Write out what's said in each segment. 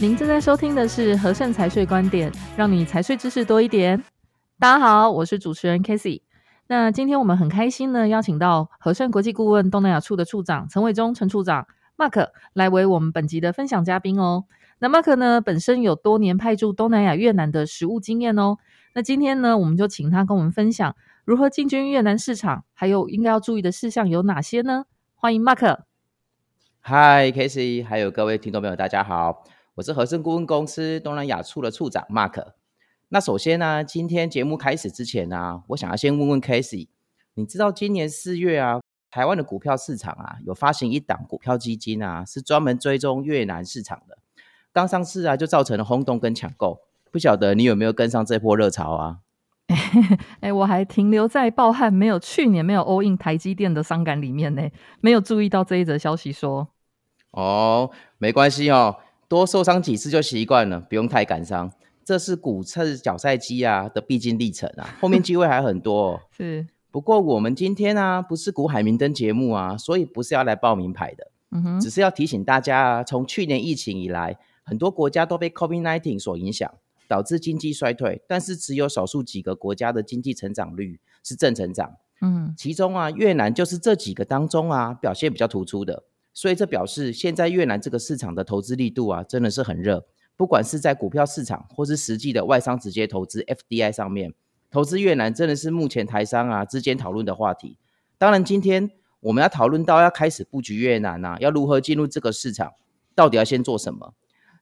您正在收聽的是荷盛財稅觀點，讓你財稅知識多一點。大家好，我是主持人 Casey。那今天我們很開心呢，邀請到荷盛國際顧問東南亞處的處長陳緯忠陳處長 Mark 來為我們本集的分享嘉賓哦。那 Mark 呢，本身有多年派駐東南亞越南的實務經驗哦。那今天呢，我們就請他跟我們分享如何進軍越南市場，還有應該要注意的事項有哪些呢？歡迎 Mark。Hi，Casey，還有各位聽眾朋友，大家好。我是荷盛顧問公司東南亞處的處長 Mark。那首先呢、啊，今天節目開始之前呢、啊，我想要先問問 Casey 你知道今年四月啊，台灣的股票市場啊，有發行一檔股票基金啊，是專門追蹤越南市場的，剛上市啊，就造成了轟動跟搶購。不曉得你有沒有跟上這波熱潮啊、欸？我還停留在抱憾沒有去年沒有 all in 台積電的傷感裡面呢，沒有注意到這一則消息說。哦，沒關係哦。多受傷幾次就習慣了，不用太感傷。這是股市小賽季啊的必經歷程啊，後面機會還很多、哦。 是，不過我們今天啊不是股海明燈節目啊，所以不是要來報名牌的。嗯哼，只是要提醒大家啊，從去年疫情以來，很多國家都被 COVID-19 所影響，導致經濟衰退。但是只有少數幾個國家的經濟成長率是正成長。嗯哼，其中啊，越南就是這幾個當中啊表現比較突出的。所以這表示，現在越南這個市場的投資力度啊，真的是很熱。不管是在股票市場，或是實際的外商直接投資 （FDI） 上面，投資越南真的是目前台商啊之間討論的話題。當然，今天我們要討論到要開始布局越南啊，要如何進入這個市場，到底要先做什麼？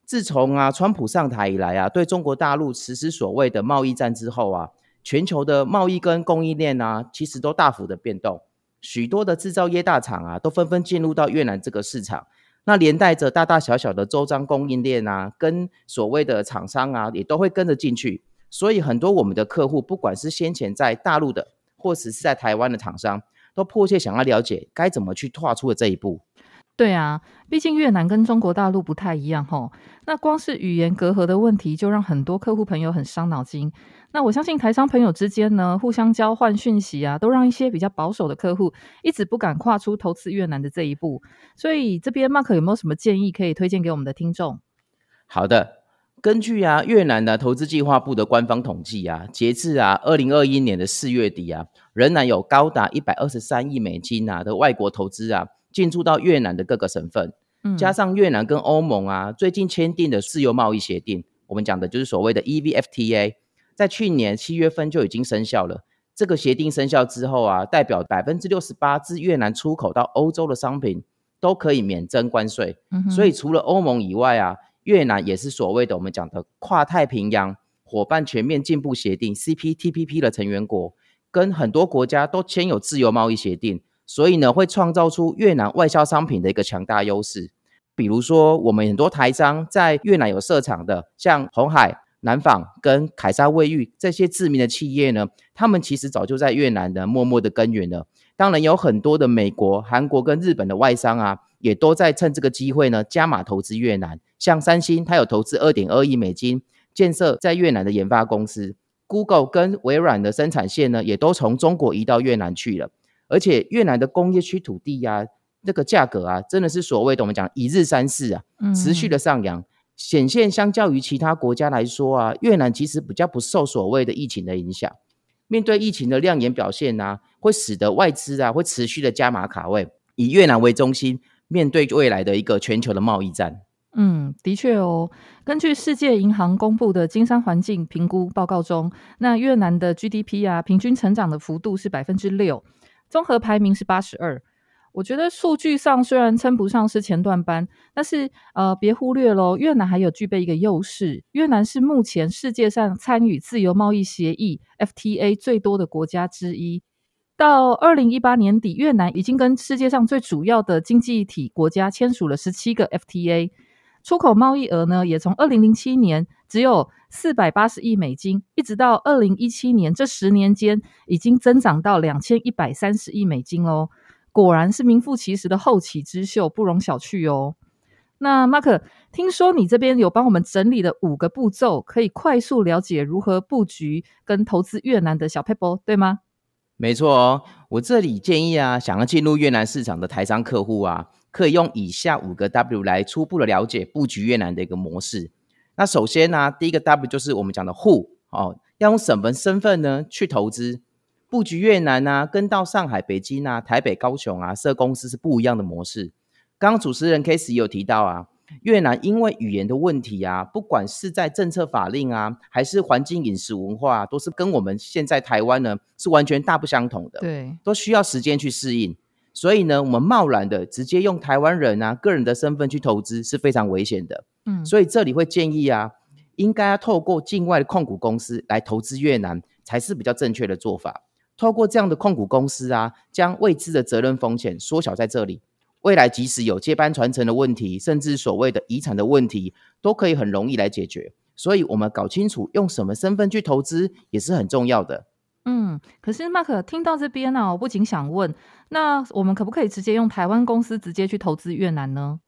自從啊川普上台以來啊，對中國大陸實施所謂的貿易戰之後啊，全球的貿易跟供應鏈啊，其實都大幅的變動。許多的製造業大廠啊，都紛紛進入到越南這個市場，那連帶着大大小小的周章供應鏈啊，跟所謂的廠商啊，也都會跟着進去。所以，很多我們的客戶，不管是先前在大陸的，或是是在台灣的廠商，都迫切想要了解該怎麼去跨出這一步。對啊，畢竟越南跟中國大陸不太一樣吼。那光是語言隔閡的問題，就讓很多客戶朋友很傷腦筋。那我相信台商朋友之間呢，互相交換訊息啊，都讓一些比較保守的客戶一直不敢跨出投資越南的這一步。所以這邊 Mark 有沒有什麼建議可以推薦給我們的聽眾？好的，根據啊，越南的投資計劃部的官方統計啊，截至啊二零二一年的四月底啊，仍然有高達一百二十三億美金啊的外國投資啊。進駐到越南的各個省份，嗯、加上越南跟歐盟啊，最近簽訂的自由貿易協定，我們講的就是所謂的 E V F T A，在去年七月份就已經生效了。這個協定生效之後啊，代表百分之六十八自越南出口到歐洲的商品都可以免徵關稅。嗯、哼所以除了歐盟以外啊，越南也是所謂的我們講的跨太平洋夥伴全面進步協定 C P T P P 的成員國，跟很多國家都簽有自由貿易協定。所以呢，會創造出越南外銷商品的一個強大優勢。比如說，我們很多台商在越南有設廠的，像鴻海、南紡跟凱撒衛浴這些知名的企業呢，他們其實早就在越南呢默默的耕耘了。當然，有很多的美國、韓國跟日本的外商啊，也都在趁這個機會呢加碼投資越南。像三星，它有投資二點二億美金建設在越南的研發公司；Google 跟微軟的生產線呢，也都從中國移到越南去了。而且越南的工業區土地呀、啊，那個價格啊，真的是所謂的我們講一日三市啊，持續的上揚，顯、嗯、現相較於其他國家來說啊，越南其實比較不受所謂的疫情的影響。面對疫情的亮眼表現啊，會使得外資啊會持續的加碼卡位，以越南為中心，面對未來的一個全球的貿易戰。嗯，的確哦，根據世界銀行公布的經商環境評估報告中，那越南的 GDP 啊，平均成長的幅度是百分之六。綜合排名是八十二，我覺得數據上雖然稱不上是前段班，但是呃，別忽略咯。越南還有具備一個優勢，越南是目前世界上參與自由貿易協議 FTA 最多的國家之一。到二零一八年底，越南已經跟世界上最主要的經濟體國家簽署了十七個 FTA。出口貿易額呢，也從二零零七年只有四百八十億美金，一直到二零一七年，這十年間已經增長到兩千一百三十億美金哦。果然是名副其實的後起之秀，不容小覷哦。那 Mark，聽說你這邊有幫我們整理了五個步驟，可以快速了解如何布局跟投資越南的小撇步，對嗎？沒錯哦，我這裡建議啊，想要進入越南市場的台商客戶啊。可以用以下五個 W 來初步的了解布局越南的一個模式。那首先呢、啊，第一個 W 就是我們講的 Who 哦，要用什麼身份呢去投資布局越南呢、啊？跟到上海、北京啊、台北、高雄啊設公司是不一樣的模式。剛剛主持人 Case 也有提到啊，越南因為語言的問題啊，不管是在政策法令啊，還是環境、飲食、文化、啊，都是跟我們現在台灣呢是完全大不相同的。對，都需要時間去適應。所以呢，我們貿然的直接用台灣人啊個人的身份去投資是非常危險的。嗯，所以這裡會建議啊，應該要透過境外的控股公司來投資越南才是比較正確的做法。透過這樣的控股公司啊，將未知的責任風險縮小在這裡。未來即使有接班傳承的問題，甚至所謂的遺產的問題，都可以很容易來解決。所以，我們搞清楚用什麼身份去投資也是很重要的。嗯，可是 Mark 聽到這邊呢、啊，我不禁想問，那我們可不可以直接用台灣公司直接去投資越南呢？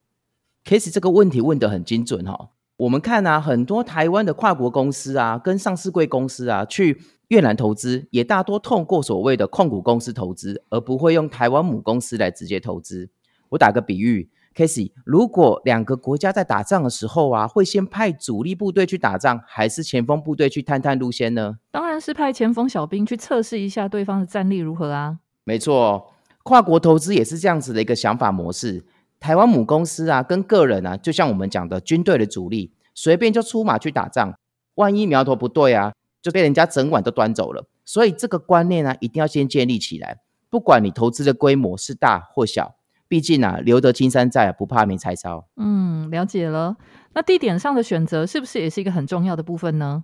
其 a s 這個問題問得很精準哈，哦，我們看啊，很多台灣的跨國公司啊，跟上市貴公司啊，去越南投資，也大多透過所謂的控股公司投資，而不會用台灣母公司來直接投資。我打個比喻。Casey，如果兩個國家在打仗的時候啊，會先派主力部隊去打仗，還是前鋒部隊去探探路線呢？當然是派前鋒小兵去測試一下對方的戰力如何啊。沒錯，跨國投資也是這樣子的一個想法模式。台灣母公司啊，跟個人啊，就像我們講的軍隊的主力，隨便就出馬去打仗，萬一苗頭不對啊，就被人家整碗都端走了。所以這個觀念啊，一定要先建立起來，不管你投資的規模是大或小。畢竟啊，留得青山在，啊，不怕沒柴燒。嗯，了解了。那地點上的選擇是不是也是一個很重要的部分呢？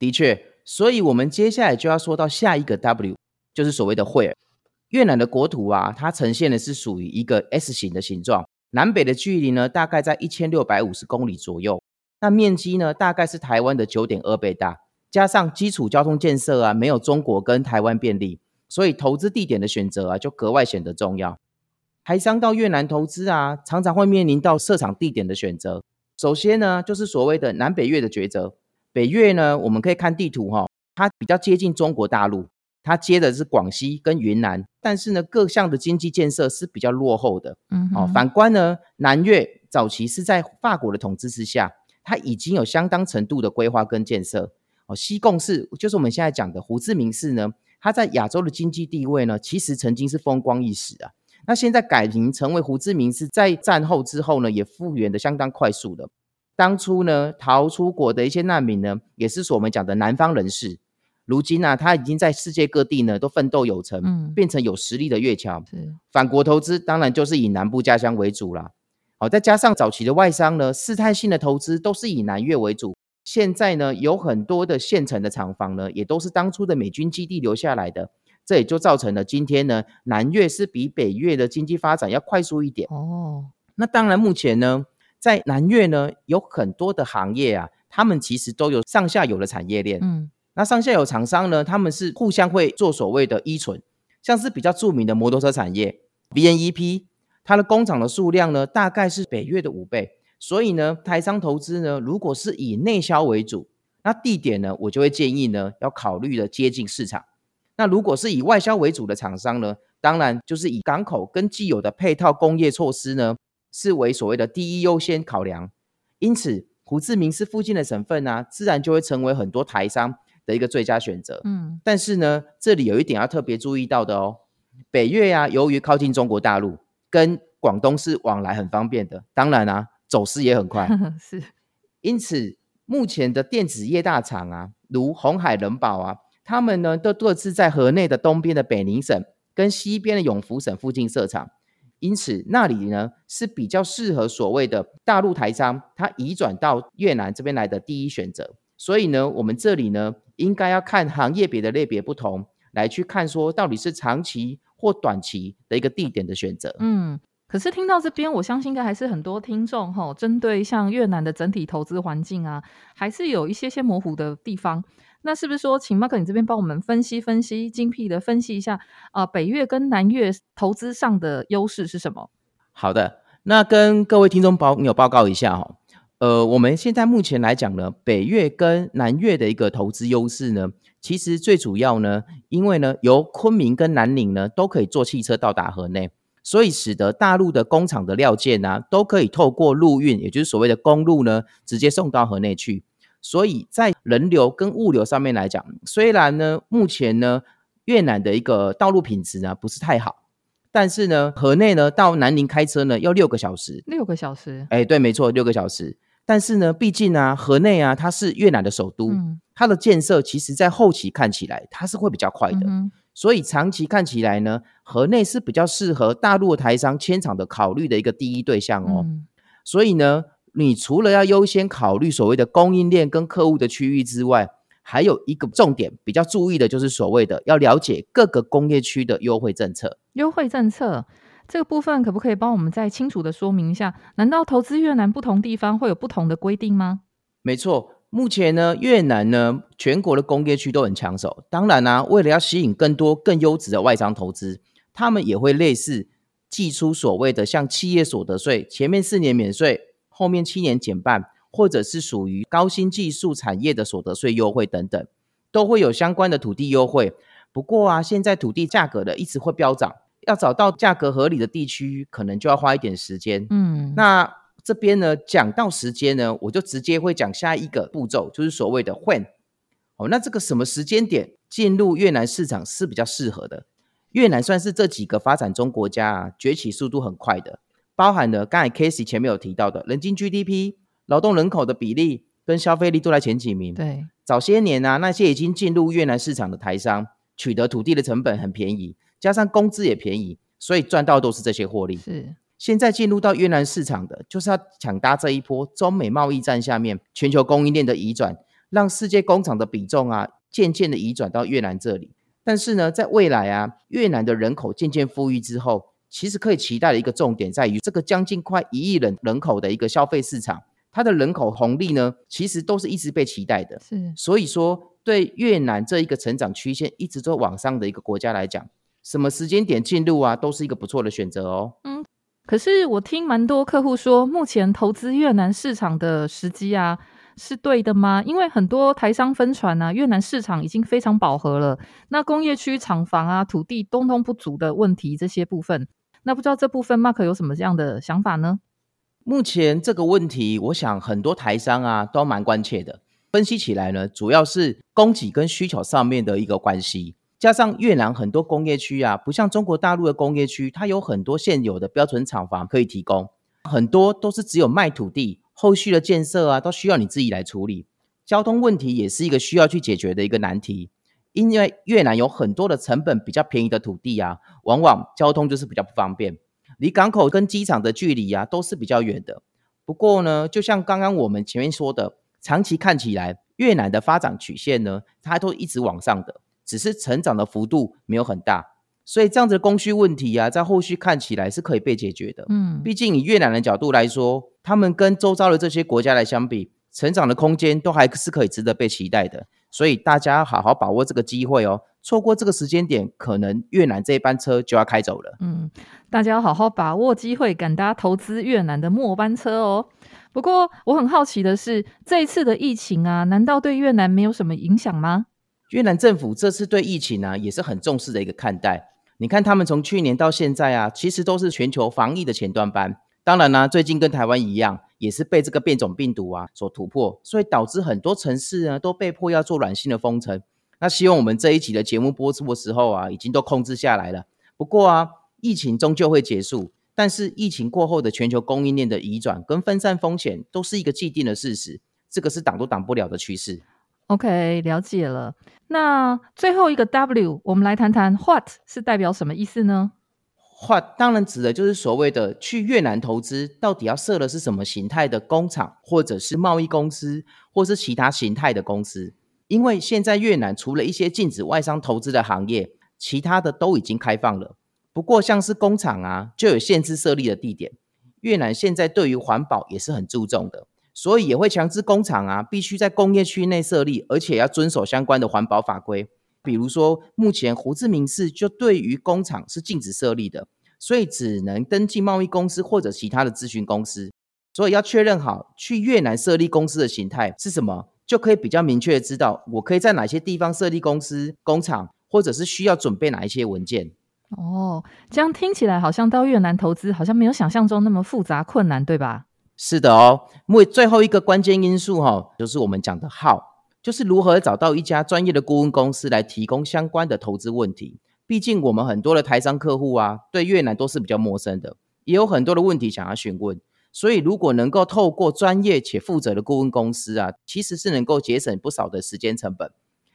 的確，所以我們接下來就要說到下一個 W，就是所謂的會。越南的國土啊，它呈現的是屬於一個 S 型的形狀，南北的距離呢，大概在一千六百五十公里左右。那面積呢，大概是台灣的九點二倍大。加上基礎交通建設啊，沒有中國跟台灣便利，所以投資地點的選擇啊，就格外顯得重要。台商到越南投資啊，常常會面臨到設廠地點的選擇。首先呢，就是所謂的南北越的抉擇。北越呢，我們可以看地圖哈、哦，它比較接近中國大陸，它接的是廣西跟雲南，但是呢，各項的經濟建設是比較落後的。嗯哼，哦，反觀呢，南越早期是在法國的統治之下，它已經有相當程度的規劃跟建設。哦，西貢市就是我們現在講的胡志明市呢，它在亞洲的經濟地位呢，其實曾經是風光一時啊。那現在改名成為胡志明市，在戰後之後呢，也復原的相當快速的。當初呢，逃出國的一些難民呢，也是所我們講的南方人士。如今呢、啊，他已經在世界各地呢都奮鬥有成，嗯、變成有實力的越僑。返國投資當然就是以南部家鄉為主啦。好、哦，再加上早期的外商呢，試探性的投資都是以南越為主。現在呢，有很多的現成的廠房呢，也都是當初的美軍基地留下來的。這也就造成了今天呢，南越是比北越的經濟發展要快速一點。哦，那當然，目前呢，在南越呢，有很多的行業啊，他們其實都有上下游的產業鏈。嗯，那上下游廠商呢，他們是互相會做所謂的依存。像是比較著名的摩托車產業，BNEP，它的工廠的數量呢，大概是北越的五倍。所以呢，台商投資呢，如果是以內銷為主，那地點呢，我就會建議呢，要考慮的接近市場。那如果是以外銷為主的廠商呢，當然就是以港口跟既有的配套工業措施呢，視為所謂的第一優先考量。因此，胡志明市附近的省份啊，自然就會成為很多台商的一個最佳選擇。嗯，但是呢，這裡有一點要特別注意到的哦，北越呀、啊，由於靠近中國大陸，跟廣東是往來很方便的，當然啊，走私也很快。呵呵是，因此目前的電子業大廠啊，如鴻海仁寶啊。他們呢都各自在河內的東邊的北寧省跟西邊的永福省附近設廠，因此那裡呢是比較適合所謂的大陸台商他移轉到越南這邊來的第一選擇。所以呢，我們這裡呢應該要看行業別的類別不同，來去看說到底是長期或短期的一個地點的選擇。嗯，可是聽到這邊，我相信應該還是很多聽眾哈，針對像越南的整體投資環境啊，還是有一些些模糊的地方。那是不是說，請 Mark 你這邊幫我們分析分析，精闢的分析一下啊、呃？北越跟南越投資上的優勢是什麼？好的，那跟各位聽眾朋友報告一下哈、哦。呃，我們現在目前來講呢，北越跟南越的一個投資優勢呢，其實最主要呢，因為呢，由昆明跟南寧呢，都可以坐汽車到達河內，所以使得大陸的工廠的料件啊，都可以透過陸運，也就是所謂的公路呢，直接送到河內去。所以在人流跟物流上面來講，雖然呢，目前呢，越南的一個道路品質呢，不是太好，但是呢，河內呢到南寧開車呢要六個小時，六個小時，哎，對，沒錯，六個小時。但是呢，畢竟呢、啊、河內啊，它是越南的首都，嗯、它的建設其實，在後期看起來它是會比較快的，嗯嗯，所以長期看起來呢，河內是比較適合大陸的台商遷廠的考慮的一個第一對象哦。嗯、所以呢。你除了要優先考慮所謂的供應鏈跟客戶的區域之外，還有一個重點比較注意的就是所謂的要了解各個工業區的優惠政策。優惠政策這個部分可不可以幫我們再清楚地說明一下？難道投資越南不同地方會有不同的規定嗎？沒錯，目前呢，越南呢，全國的工業區都很搶手，當然呢，啊，為了要吸引更多更優質的外商投資，他們也會類似祭出所謂的像企業所得稅前面四年免稅。後面七年減半，或者是屬於高新技術產業的所得稅優惠等等，都會有相關的土地優惠。不過啊，現在土地價格的一直會飆漲，要找到價格合理的地區，可能就要花一點時間。嗯，那這邊呢，講到時間呢，我就直接會講下一個步驟，就是所謂的 When 哦，那這個什麼時間點進入越南市場是比較適合的？越南算是這幾個發展中國家啊，崛起速度很快的。包含了剛才 Casey 前面有提到的人均 GDP、勞動人口的比例跟消費力都在前幾名。對，早些年啊，那些已經進入越南市場的台商，取得土地的成本很便宜，加上工資也便宜，所以賺到都是這些獲利。是，現在進入到越南市場的，就是要搶搭這一波中美貿易戰下面全球供應鏈的移轉，讓世界工廠的比重啊，漸漸的移轉到越南這裡。但是呢，在未來啊，越南的人口漸漸富裕之後，其實可以期待的一個重點在於，這個將近快一億人人口的一個消費市場，它的人口紅利呢，其實都是一直被期待的。是，所以說對越南這一個成長曲線一直都往上的一個國家來講，什麼時間點進入啊，都是一個不錯的選擇哦。嗯，可是我聽蠻多客戶說，目前投資越南市場的時機啊，是對的嗎？因為很多台商分傳啊，越南市場已經非常飽和了，那工業區廠房啊、土地通通不足的問題，這些部分。那不知道這部分 Mark 有什麼這樣的想法呢？目前這個問題，我想很多台商啊都蠻關切的。分析起來呢，主要是供給跟需求上面的一個關係，加上越南很多工業區啊，不像中國大陸的工業區，它有很多現有的標準廠房可以提供，很多都是只有賣土地，後續的建設啊都需要你自己來處理。交通問題也是一個需要去解決的一個難題。因為越南有很多的成本比較便宜的土地啊，往往交通就是比較不方便，離港口跟機場的距離啊都是比較遠的。不過呢，就像剛剛我們前面說的，長期看起來越南的發展曲線呢，它都一直往上的，只是成長的幅度沒有很大。所以這樣子的供需問題啊，在後續看起來是可以被解決的。嗯，畢竟以越南的角度來說，他們跟周遭的這些國家來相比，成長的空間都還是可以值得被期待的。所以大家要好好把握這個機會哦，錯過這個時間點，可能越南這一班車就要開走了。嗯，大家要好好把握機會，趕搭投資越南的末班車哦。不過我很好奇的是，這一次的疫情啊，難道對越南沒有什麼影響嗎？越南政府這次對疫情呢、啊，也是很重視的一個看待。你看，他們從去年到現在啊，其實都是全球防疫的前段班。當然啦、啊，最近跟台灣一樣，也是被這個變種病毒啊所突破，所以導致很多城市呢都被迫要做軟性的封城。那希望我們這一期的節目播出的時候啊，已經都控制下來了。不過啊，疫情終究會結束，但是疫情過後的全球供應鏈的移轉跟分散風險，都是一個既定的事實，這個是擋都擋不了的趨勢。OK，了解了。那最後一個 W，我們來談談 What 是代表什麼意思呢？話當然指的就是所謂的去越南投資，到底要設的是什麼形態的工廠，或者是貿易公司，或是其他形態的公司？因為現在越南除了一些禁止外商投資的行業，其他的都已經開放了。不過像是工廠啊，就有限制設立的地點。越南現在對於環保也是很注重的，所以也會強制工廠啊必須在工業區內設立，而且要遵守相關的環保法規。比如說，目前胡志明市就對於工廠是禁止設立的，所以只能登記貿易公司或者其他的諮詢公司。所以要確認好去越南設立公司的型態是什麼，就可以比較明確的知道我可以在哪些地方設立公司、工廠，或者是需要準備哪一些文件。哦，這樣聽起來好像到越南投資好像沒有想象中那麼複雜困難，對吧？是的哦，因為最後一個關鍵因素哈、哦，就是我們講的號。就是如何找到一家專業的顧問公司來提供相關的投資問題。畢竟我們很多的台商客戶啊，對越南都是比較陌生的，也有很多的問題想要詢問。所以如果能夠透過專業且負責的顧問公司啊，其實是能夠節省不少的時間成本。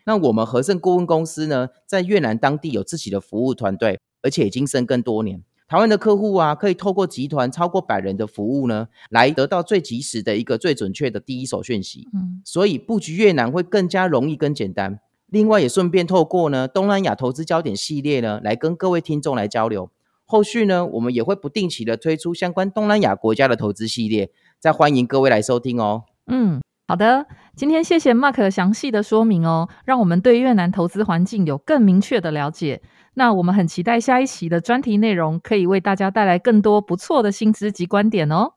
那我們荷盛顧問公司呢，在越南當地有自己的服務團隊，而且已經深耕多年。台灣的客戶啊，可以透過集團超過百人的服務呢，來得到最及時的一個最準確的第一手訊息。嗯，所以布局越南會更加容易、更簡單。另外也順便透過呢東南亞投資焦點系列呢，來跟各位聽眾來交流。後續呢，我們也會不定期的推出相關東南亞國家的投資系列，再歡迎各位來收聽哦。嗯。好的，今天謝謝 Mark 詳細的說明哦，讓我們對越南投資環境有更明確的了解。那我們很期待下一期的專題內容，可以為大家帶來更多不錯的新知及觀點哦。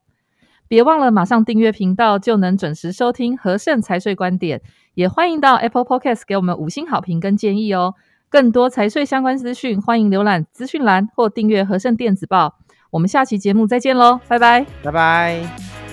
別忘了馬上訂閱頻道，就能準時收聽荷盛財稅觀點。也歡迎到 Apple Podcast 給我們五星好評跟建議哦。更多財稅相關資訊，歡迎瀏覽資訊欄或訂閱荷盛電子報。我們下期節目再見嘍，拜拜，拜拜。